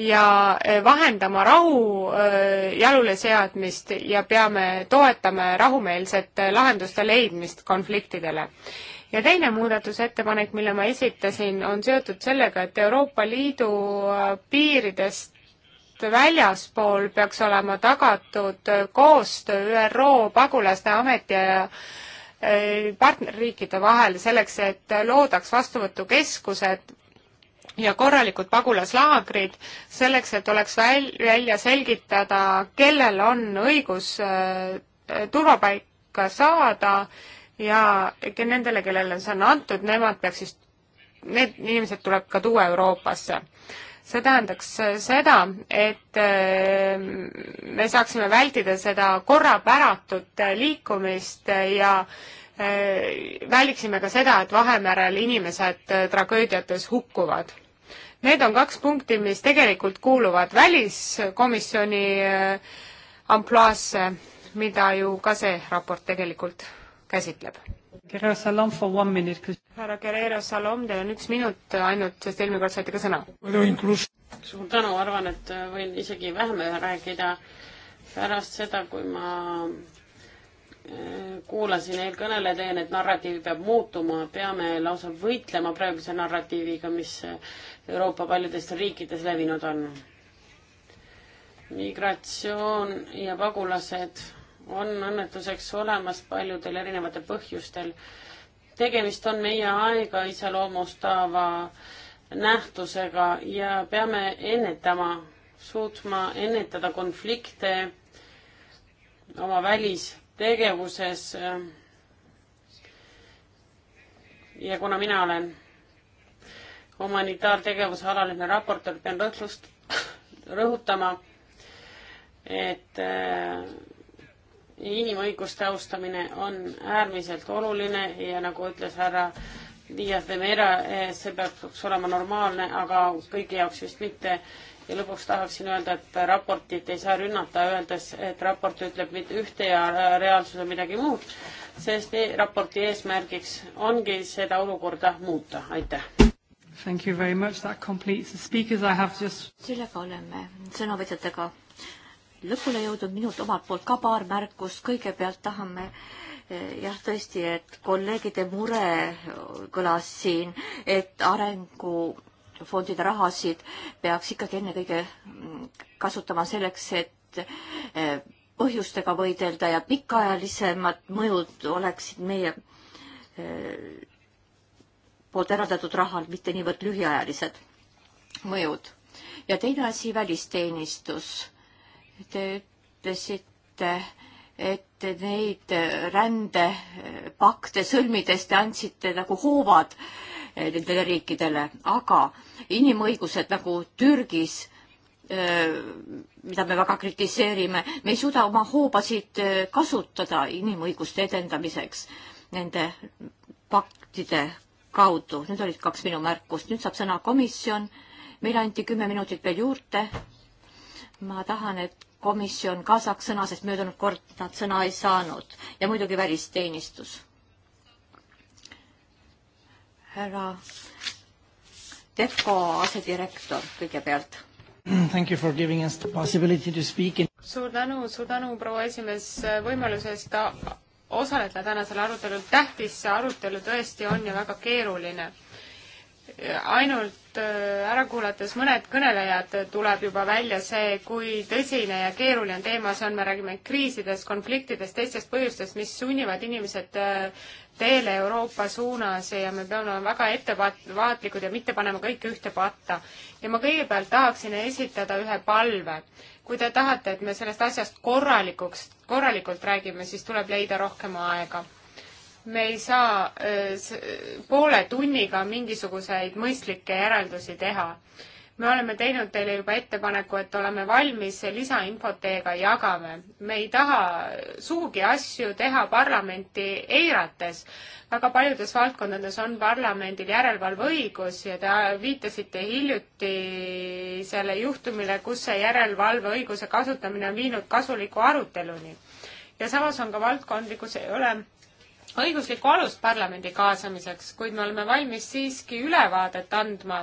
ja eh, vahendama rahu eh, jalule seadmist ja peame toetama rahumeelset eh, lahenduste leidmist konfliktidele ja teine muudatusettepanek, mille ma esitasin, on seotud sellega, et Euroopa Liidu äh, piiridest väljaspool peaks olema tagatud äh, koostöö ÜRO pagulaste ameti ja äh, partnerriikide vahel selleks, et loodaks vastuvõtukeskused ja korralikud pagulaslaagrid, selleks et oleks väl-, välja selgitada, kellel on õigus turvapaika saada ja nendele, kellele see on antud, nemad peaks siis, need inimesed tuleb ka tuua Euroopasse. see tähendaks seda, et ehm, me saaksime vältida seda korrapäratut liikumist ja eh, väliksime ka seda, et Vahemerel inimesed eh, tragöödiates hukkuvad. Need on kaks punkti, mis tegelikult kuuluvad väliskomisjoni eh, ampluaasse, mida ju ka see raport tegelikult käsitleb. härra Guerrero Salom, teil on üks minut ainult, sest eelmine kord saite ka sõna. suur tänu, arvan, et võin isegi vähem rääkida pärast seda, kui ma eh, kuulasin eelkõneleja teie, et narratiiv peab muutuma, peame lausa võitlema praeguse narratiiviga, mis Euroopa paljudes riikides levinud on. migratsioon ja pagulased on õnnetuseks olemas paljudel erinevatel põhjustel. tegemist on meie aega iseloomustava nähtusega ja peame ennetama, suutma ennetada konflikte oma välistegevuses. ja kuna mina olen humanitaartegevuse alaline raportöör, pean rõhust, rõhutama, et äh, inimõiguste austamine on äärmiselt oluline ja nagu ütles härra Dias de Mera, eh, see peaks olema normaalne, aga kõigi jaoks vist mitte. ja lõpuks tahaksin öelda, et raportit ei saa rünnata, öeldes, et raport ütleb mitte ühte ja reaalsus on midagi muud, sest e-, raporti eesmärgiks ongi seda olukorda muuta, aitäh. Thank you very much, that completes the speakers I have just. sellega oleme sõnavõtjatega lõpule jõudnud, minult omalt poolt ka paar märkust, kõigepealt tahame eh, jah, tõesti, et kolleegide mure kõlas siin, et arengufondide rahasid peaks ikkagi ennekõike mm, kasutama selleks, et eh, põhjustega võidelda ja pikaajalisemad mõjud oleksid meie eh, poolt eraldatud rahal, mitte niivõrd lühiajalised mõjud. ja teine asi, välisteenistus Te ütlesite, et neid rändepakte sõlmides te andsite nagu hoovad eh, nendele riikidele, aga inimõigused nagu Türgis, eh, mida me väga kritiseerime, me ei suuda oma hoobasid eh, kasutada inimõiguste edendamiseks nende paktide kaudu. Need olid kaks minu märkust. nüüd saab sõna komisjon. meile anti kümme minutit veel juurde ma tahan, et komisjon kaasaks sõna, sest möödunud kord nad sõna ei saanud ja muidugi välisteenistus. härra Defco asedirektor kõigepealt. Thank you for giving us the possibility to speak in suur tänu, suur tänu, proua esimees, võimaluse eest osaleda tänasel arutelul. tähtis see arutelu tõesti on ja väga keeruline ainult Äh, ära kuulates mõned kõnelejad, äh, tuleb juba välja see, kui tõsine ja keeruline teema see on, me räägime kriisidest, konfliktidest, teistest põhjustest, mis sunnivad inimesed äh, teele Euroopa suunas ja me peame olema väga ettevaatlikud ja mitte panema kõike ühte patta. ja ma kõigepealt tahaksin esitada ühe palve. kui te tahate, et me sellest asjast korralikuks, korralikult räägime, siis tuleb leida rohkem aega me ei saa äh, poole tunniga mingisuguseid mõistlikke järeldusi teha. me oleme teinud teile juba ettepaneku, et oleme valmis lisainfot teiega jagame. me ei taha sugugi asju teha parlamenti eirates. väga paljudes valdkondades on parlamendil järelevalveõigus ja te viitasite hiljuti selle juhtumile, kus see järelevalveõiguse kasutamine on viinud kasuliku aruteluni. ja samas on ka valdkondi, kus ei ole õiguslikku alust parlamendi kaasamiseks, kuid me oleme valmis siiski ülevaadet andma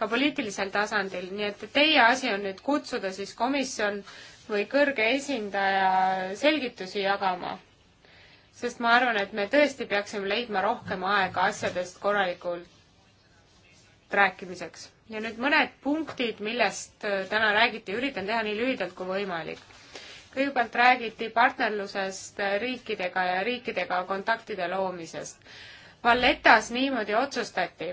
ka poliitilisel tasandil, nii et teie asi on nüüd kutsuda siis komisjon või kõrge esindaja selgitusi jagama. sest ma arvan, et me tõesti peaksime leidma rohkem aega asjadest korralikult rääkimiseks. ja nüüd mõned punktid, millest täna räägiti, üritan teha nii lühidalt kui võimalik kõigepealt räägiti partnerlusest riikidega ja riikidega kontaktide loomisest. Valletas niimoodi otsustati,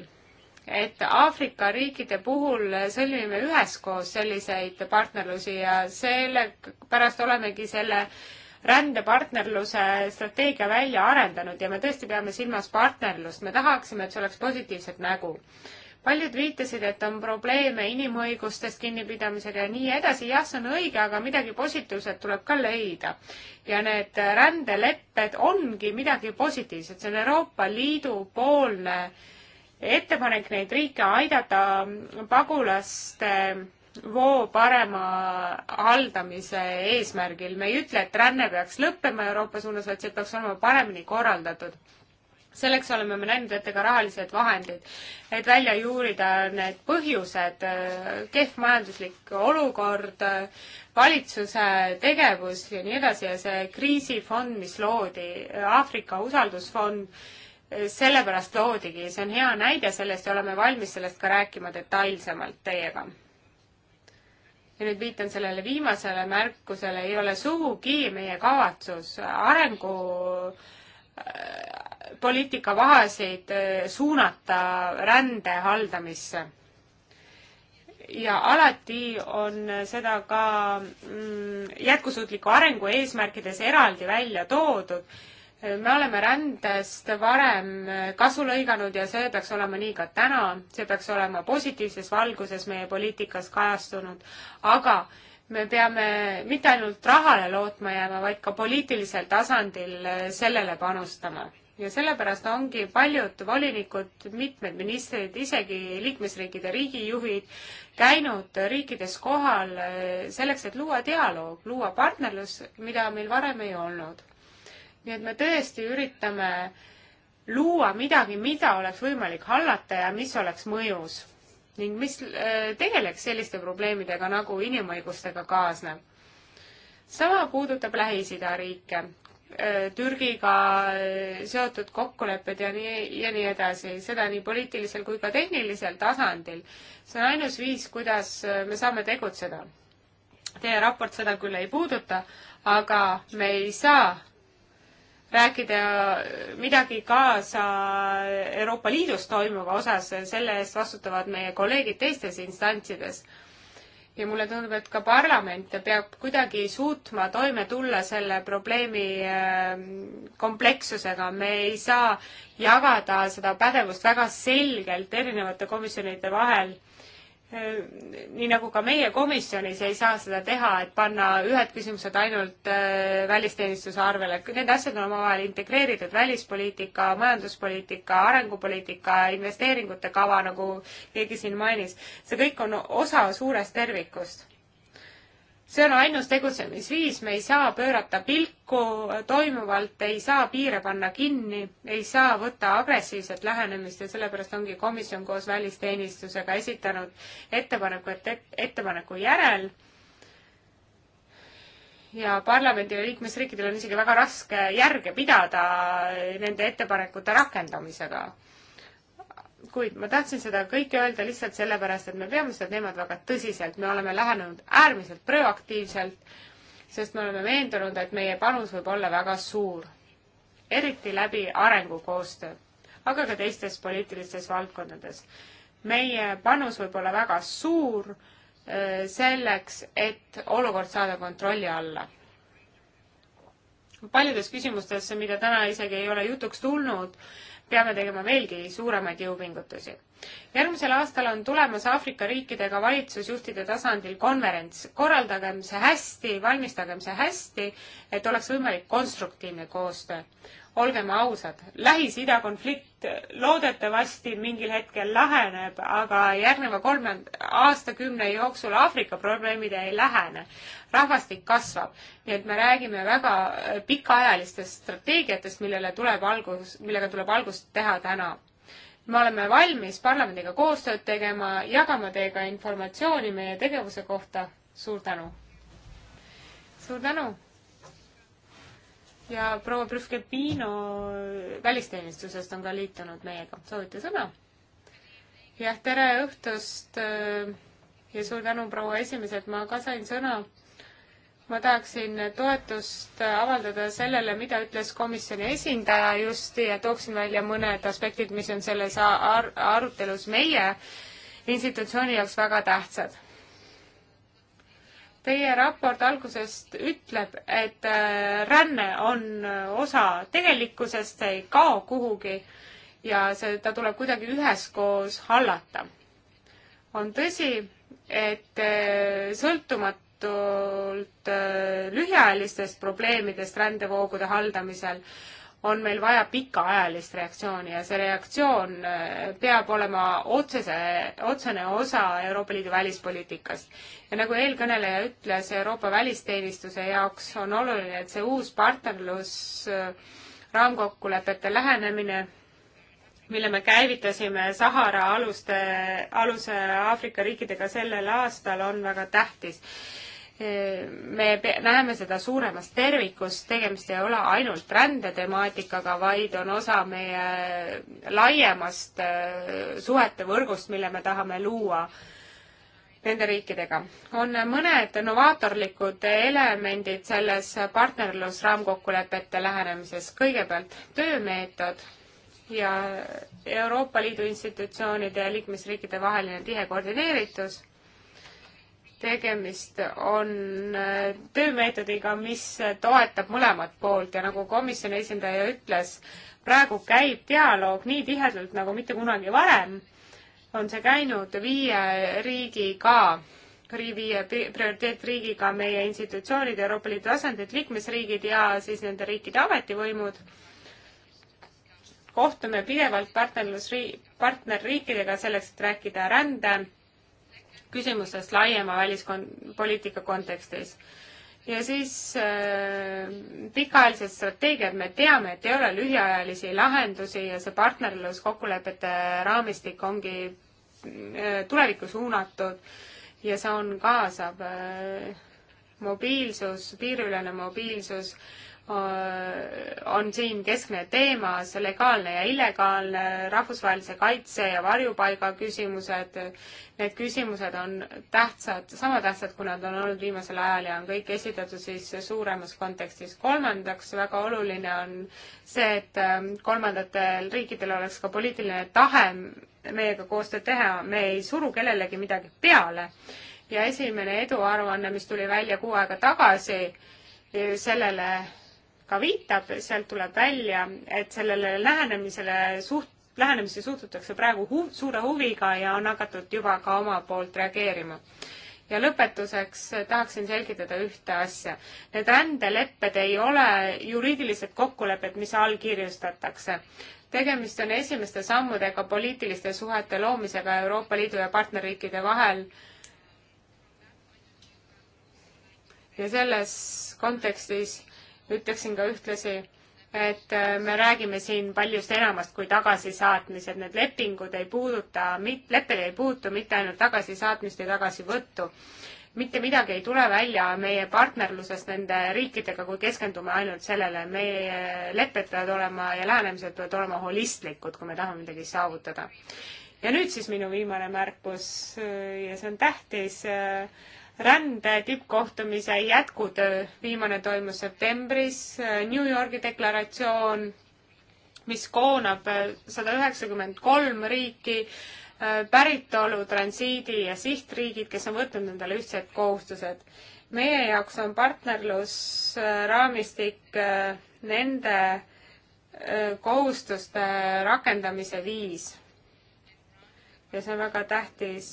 et Aafrika riikide puhul sõlmime üheskoos selliseid partnerlusi ja sellepärast olemegi selle rändepartnerluse strateegia välja arendanud ja me tõesti peame silmas partnerlust, me tahaksime, et see oleks positiivset nägu paljud viitasid, et on probleeme inimõigustest kinnipidamisega ja nii edasi, jah, see on õige, aga midagi positiivset tuleb ka leida. ja need rändelepped ongi midagi positiivset, see on Euroopa Liidu poolne ettepanek neid riike aidata pagulaste voo parema haldamise eesmärgil. me ei ütle, et ränne peaks lõppema Euroopa suunas, vaid see peaks olema paremini korraldatud selleks oleme me näinud ette ka rahalised vahendid, et välja juurida need põhjused, kehv majanduslik olukord, valitsuse tegevus ja nii edasi ja see kriisifond, mis loodi, Aafrika usaldusfond, sellepärast loodigi, see on hea näide sellest ja oleme valmis sellest ka rääkima detailsemalt teiega ja nüüd viitan sellele viimasele märkusele, ei ole sugugi meie kavatsus arengu poliitikavahesid eh, suunata rände haldamisse. ja alati on seda ka mm, jätkusuutliku arengu eesmärkides eraldi välja toodud. me oleme rändest varem kasu lõiganud ja see peaks olema nii ka täna, see peaks olema positiivses valguses meie poliitikas kajastunud, aga me peame mitte ainult rahale lootma jääma, vaid ka poliitilisel tasandil sellele panustama ja sellepärast ongi paljud volinikud, mitmed ministrid, isegi liikmesriikide riigijuhid käinud riikides kohal eh, selleks, et luua dialoog, luua partnerlus, mida meil varem ei olnud. nii et me tõesti üritame luua midagi, mida oleks võimalik hallata ja mis oleks mõjus ning mis eh, tegeleks selliste probleemidega, nagu inimõigustega kaasneb sama puudutab Lähis-Ida riike. Äh, Türgiga äh, seotud kokkulepped ja nii, ja nii edasi, seda nii poliitilisel kui ka tehnilisel tasandil. see on ainus viis, kuidas äh, me saame tegutseda. Teie raport seda küll ei puuduta, aga me ei saa rääkida midagi kaasa Euroopa Liidus toimuva osas, selle eest vastutavad meie kolleegid teistes instantsides ja mulle tundub, et ka parlament peab kuidagi suutma toime tulla selle probleemi äh, komplekssusega. me ei saa jagada seda pädevust väga selgelt erinevate komisjonide vahel Äh, nii nagu ka meie komisjonis ei saa seda teha, et panna ühed küsimused ainult äh, välisteenistuse arvele, et need asjad on omavahel integreeritud, välispoliitika, majanduspoliitika, arengupoliitika, investeeringute kava, nagu keegi siin mainis, see kõik on osa suurest tervikust see on ainus tegutsemisviis, me ei saa pöörata pilku toimuvalt, ei saa piire panna kinni, ei saa võtta agressiivset lähenemist ja sellepärast ongi komisjon koos välisteenistusega esitanud ettepaneku, et ettepaneku järel ja parlamendil ja liikmesriikidel on isegi väga raske järge pidada nende ettepanekute rakendamisega kuid ma tahtsin seda kõike öelda lihtsalt sellepärast, et me peame seda teemat väga tõsiselt, me oleme lähenenud äärmiselt proaktiivselt, sest me oleme veendunud, et meie panus võib olla väga suur, eriti läbi arengukoostöö, aga ka teistes poliitilistes valdkondades. meie panus võib olla väga suur äh, selleks, et olukord saada kontrolli alla paljudes küsimustes, mida täna isegi ei ole jutuks tulnud, peame tegema veelgi suuremaid jõupingutusi. järgmisel aastal on tulemas Aafrika riikidega valitsusjuhtide tasandil konverents. korraldagem see hästi, valmistagem see hästi, et oleks võimalik konstruktiivne koostöö. olgem ausad, Lähis-Ida konflikt konflikt loodetavasti mingil hetkel laheneb, aga järgneva kolme aastakümne jooksul Aafrika probleemid ei lähene. rahvastik kasvab, nii et me räägime väga äh, pikaajalistest strateegiatest, millele tuleb algus, millega tuleb algust teha täna me oleme valmis parlamendiga koostööd tegema, jagama teiega informatsiooni meie tegevuse kohta. suur tänu! suur tänu! ja proua Prüfkepino välisteenistusest on ka liitunud meiega. soovite sõna? jah, tere õhtust äh, ja suur tänu, proua esimees, et ma ka sain sõna. ma tahaksin toetust avaldada sellele, mida ütles komisjoni esindaja just ja tooksin välja mõned aspektid, mis on selles ar arutelus meie institutsiooni jaoks väga tähtsad Teie raport algusest ütleb, et äh, ränne on äh, osa tegelikkusest, see ei kao kuhugi ja seda tuleb kuidagi üheskoos hallata. on tõsi, et äh, sõltumatult lühiajalistest probleemidest rändevoogude haldamisel on meil vaja pikaajalist reaktsiooni ja see reaktsioon äh, peab olema otsese, otsene osa Euroopa Liidu välispoliitikast. ja nagu eelkõneleja ütles, Euroopa välisteenistuse jaoks on oluline, et see uus partnerlus, äh, raamkokkulepete lähenemine, mille me käivitasime Sahara aluste, aluse Aafrika riikidega sellel aastal, on väga tähtis me näeme seda suuremas tervikus, tegemist ei ole ainult rändetemaaatikaga, vaid on osa meie laiemast äh, suhete võrgust, mille me tahame luua nende riikidega. on mõned novaatorlikud elemendid selles partnerlusraamkokkulepete lähenemises. kõigepealt töömeetod ja Euroopa Liidu institutsioonide ja liikmesriikide vaheline tihe koordineeritus tegemist on äh, töömeetodiga, mis toetab mõlemat poolt ja nagu komisjoni esindaja ütles, praegu käib dialoog nii tihedalt nagu mitte kunagi varem, on see käinud viie riigiga, viie prioriteetriigiga meie institutsioonid, Euroopa Liidu tasandid, liikmesriigid ja siis nende riikide ametivõimud. kohtume pidevalt partnerlusri-, partnerriikidega selleks, et rääkida rände küsimustest laiema välispoliitika kontekstis. ja siis äh, pikaajalised strateegiad, me teame, et ei ole lühiajalisi lahendusi ja see partnerluskokkulepete raamistik ongi äh, tulevikku suunatud ja see on kaasav äh, mobiilsus, piiriülene mobiilsus Äh, on siin keskne teema, see legaalne ja illegaalne, rahvusvahelise kaitse ja varjupaiga küsimused, need küsimused on tähtsad, sama tähtsad, kui nad on olnud viimasel ajal ja on kõik esitatud siis suuremas kontekstis. kolmandaks, väga oluline on see, et ähm, kolmandatel riikidel oleks ka poliitiline tahe meiega koostööd teha, me ei suru kellelegi midagi peale. ja esimene eduaruanne, mis tuli välja kuu aega tagasi, sellele ka viitab, sealt tuleb välja, et sellele lähenemisele suht-, lähenemisse suhtutakse praegu hu-, suure huviga ja on hakatud juba ka oma poolt reageerima. ja lõpetuseks tahaksin selgitada ühte asja. Need rändelepped ei ole juriidilised kokkulepped, mis allkirjustatakse. tegemist on esimeste sammudega poliitiliste suhete loomisega Euroopa Liidu ja partnerriikide vahel ja selles kontekstis ütleksin ka ühtlasi, et äh, me räägime siin paljust enamast kui tagasisaatmised, need lepingud ei puuduta, lepped ei puutu mitte ainult tagasisaatmist ja tagasivõttu. mitte midagi ei tule välja meie partnerlusest nende riikidega, kui keskendume ainult sellele. meie lepped peavad olema ja lähenemised peavad olema holistlikud, kui me tahame midagi saavutada. ja nüüd siis minu viimane märkus äh, ja see on tähtis äh, rände tippkohtumise jätkutöö, viimane toimus septembris, New Yorgi deklaratsioon, mis koonab sada üheksakümmend kolm riiki, päritolu, transiidi ja sihtriigid, kes on võtnud endale ühtsed kohustused. meie jaoks on partnerlusraamistik äh, nende äh, kohustuste rakendamise viis. ja see on väga tähtis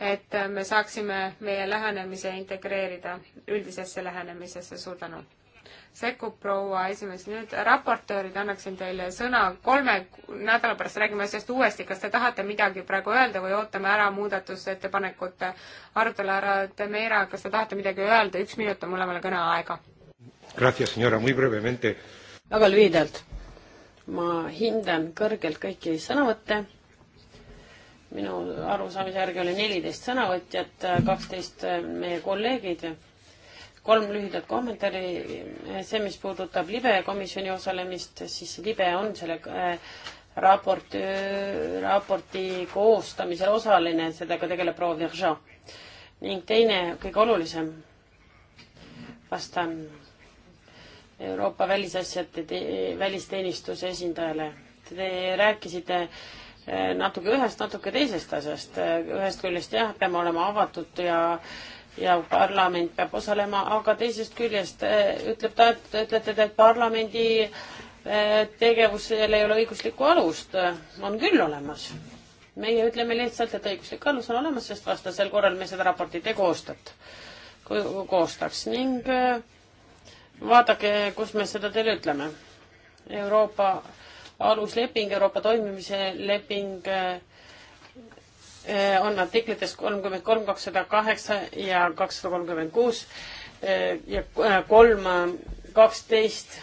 et me saaksime meie lähenemise integreerida üldisesse lähenemisesse, suur tänu. sekkub proua esimees, nüüd raportöörid, annaksin teile sõna, kolme nädala pärast räägime asjast uuesti, kas te tahate midagi praegu öelda või ootame ära muudatusettepanekute arutelu ära, Demeera, kas te tahate midagi öelda, üks minut on mõlemale kõneaega. väga lühidalt, ma hindan kõrgelt kõiki sõnavõtte minu arusaamise järgi oli neliteist sõnavõtjat, kaksteist meie kolleegid. kolm lühidat kommentaari. see, mis puudutab libe komisjoni osalemist, siis libe on selle äh, raporti, raporti koostamisel osaline, sellega tegeleb proua Virgin. ning teine, kõige olulisem, vastan Euroopa välisasjade, välisteenistuse esindajale. Te rääkisite äh, Eh, natuke ühest, natuke teisest asjast. Eh, ühest küljest jah, peame olema avatud ja ja parlament peab osalema, aga teisest küljest eh, ütleb ta, et te ütlete, et parlamendi tegevusel ei ole õiguslikku alust. on küll olemas. meie ütleme lihtsalt, et õiguslik alus on olemas, sest vastasel korral me seda raportit ei koostat, koostaks ning vaadake, kus me seda teile ütleme. Euroopa alusleping, Euroopa toimimise leping eh, on artiklites kolmkümmend kolm, kakssada kaheksa ja kakssada kolmkümmend kuus eh, ja eh, kolm, kaksteist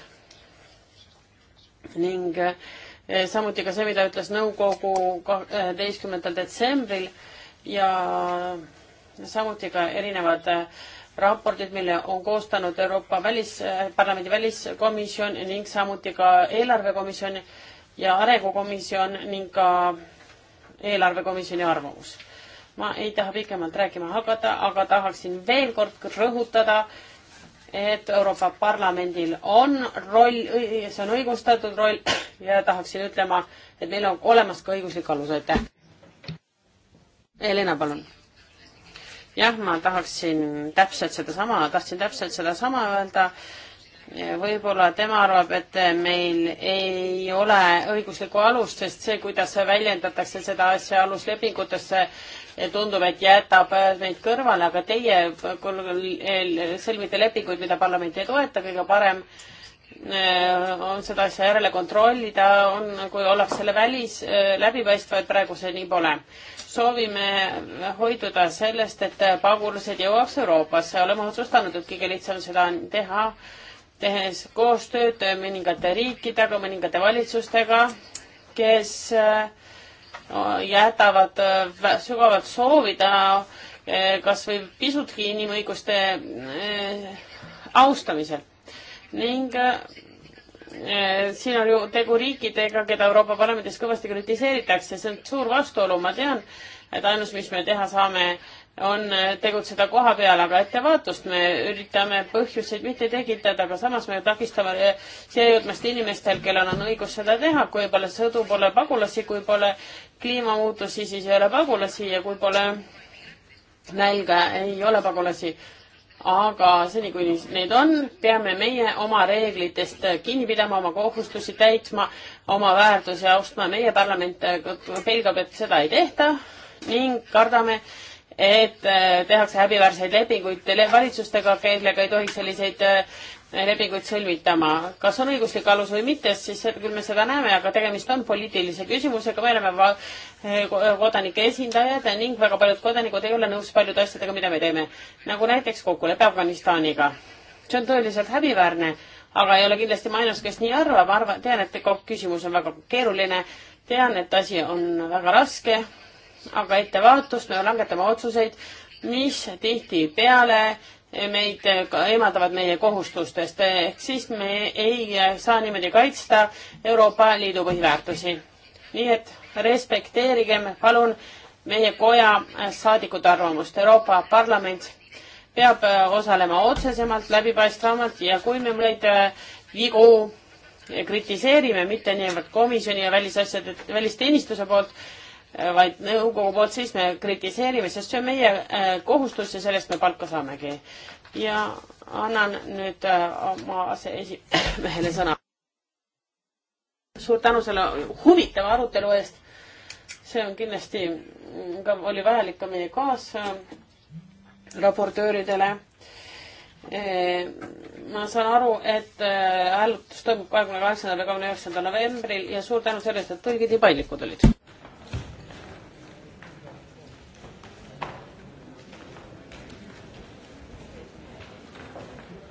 ning samuti ka see, mida ütles nõukogu kaheteistkümnendal detsembril ja samuti ka erinevad raportid, mille on koostanud Euroopa välis, parlamendi väliskomisjon ning samuti ka eelarvekomisjon ja Arengukomisjon ning ka eelarvekomisjoni arvamus. ma ei taha pikemalt rääkima hakata, aga tahaksin veel kord rõhutada, et Euroopa Parlamendil on roll, see on õigustatud roll <clears throat> ja tahaksin ütlema, et meil on olemas ka õiguslik alus, aitäh. Helena, palun. jah, ma tahaksin täpselt sedasama, tahtsin täpselt sedasama öelda võib-olla tema arvab, et meil ei ole õiguslikku alust, sest see, kuidas väljendatakse seda asja aluslepingutesse, tundub, et jätab meid kõrvale, aga teie sõlmite lepinguid, mida parlament ei toeta, kõige parem äh, on seda asja järele kontrollida, on, kui ollakse selle välis, äh, läbipaistva, et praegu see nii pole. soovime hoiduda sellest, et pagulased jõuaks Euroopasse, oleme otsustanud, et kõige lihtsam seda on teha äh, tehes koostööd mõningate riikidega, mõningate valitsustega, kes äh, jätavad äh, sügavalt soovida äh, kas või pisutki inimõiguste austamisel. ning siin on ju tegu riikidega, keda Euroopa Parlamendis kõvasti kritiseeritakse, see on suur vastuolu, ma tean, et ainus, mis me teha saame, on äh, tegutseda koha peal, aga ettevaatust, me üritame põhjuseid mitte tekitada, aga samas me takistame äh, siia jõudmast inimestel, kellel on õigus seda teha, kui pole sõdu, pole pagulasi, kui pole kliimamuutusi, siis ei ole pagulasi ja kui pole nälga, ei ole pagulasi. aga seni, kuni neid on, peame meie oma reeglitest kinni pidama, oma kohustusi täitma, oma väärtusi austma, meie parlament äh, pelgab, et seda ei tehta ning kardame, et äh, tehakse häbiväärseid lepinguid valitsustega, kellega ei tohiks selliseid äh, lepinguid sõlmitama. kas on õiguslik alus või mitte, siis küll me seda näeme, aga tegemist on poliitilise küsimusega, me oleme äh, kodanike esindajad ning väga paljud kodanikud ei ole nõus paljude asjadega, mida me teeme. nagu näiteks kokkulepe Afganistaniga. see on tõeliselt häbiväärne, aga ei ole kindlasti ma ainus, kes nii arvab, arvan, tean, et küsimus on väga keeruline, tean, et asi on väga raske aga ettevaatust, me langetame otsuseid, mis tihtipeale meid eemaldavad meie kohustustest, ehk siis me ei saa niimoodi kaitsta Euroopa Liidu põhiväärtusi. nii et respekteerigem palun meie koja saadikute arvamust. Euroopa Parlament peab osalema otsesemalt, läbipaistvamalt ja kui me neid äh, vigu kritiseerime, mitte niivõrd komisjoni ja välisasjade, välisteenistuse poolt, vaid nõukogu poolt, siis me kritiseerime, sest see on meie äh, kohustus ja sellest me palka saamegi. ja annan nüüd äh, oma aseesimehele sõna. suur tänu selle huvitava arutelu eest. see on kindlasti ka, oli vajalik ka meie kaasraportööridele äh, ma saan aru, et hääletus toimub kahekümne kaheksandal ja kahekümne üheksandal novembril ja suur tänu selle eest, et tõlgid nii paindlikud olid.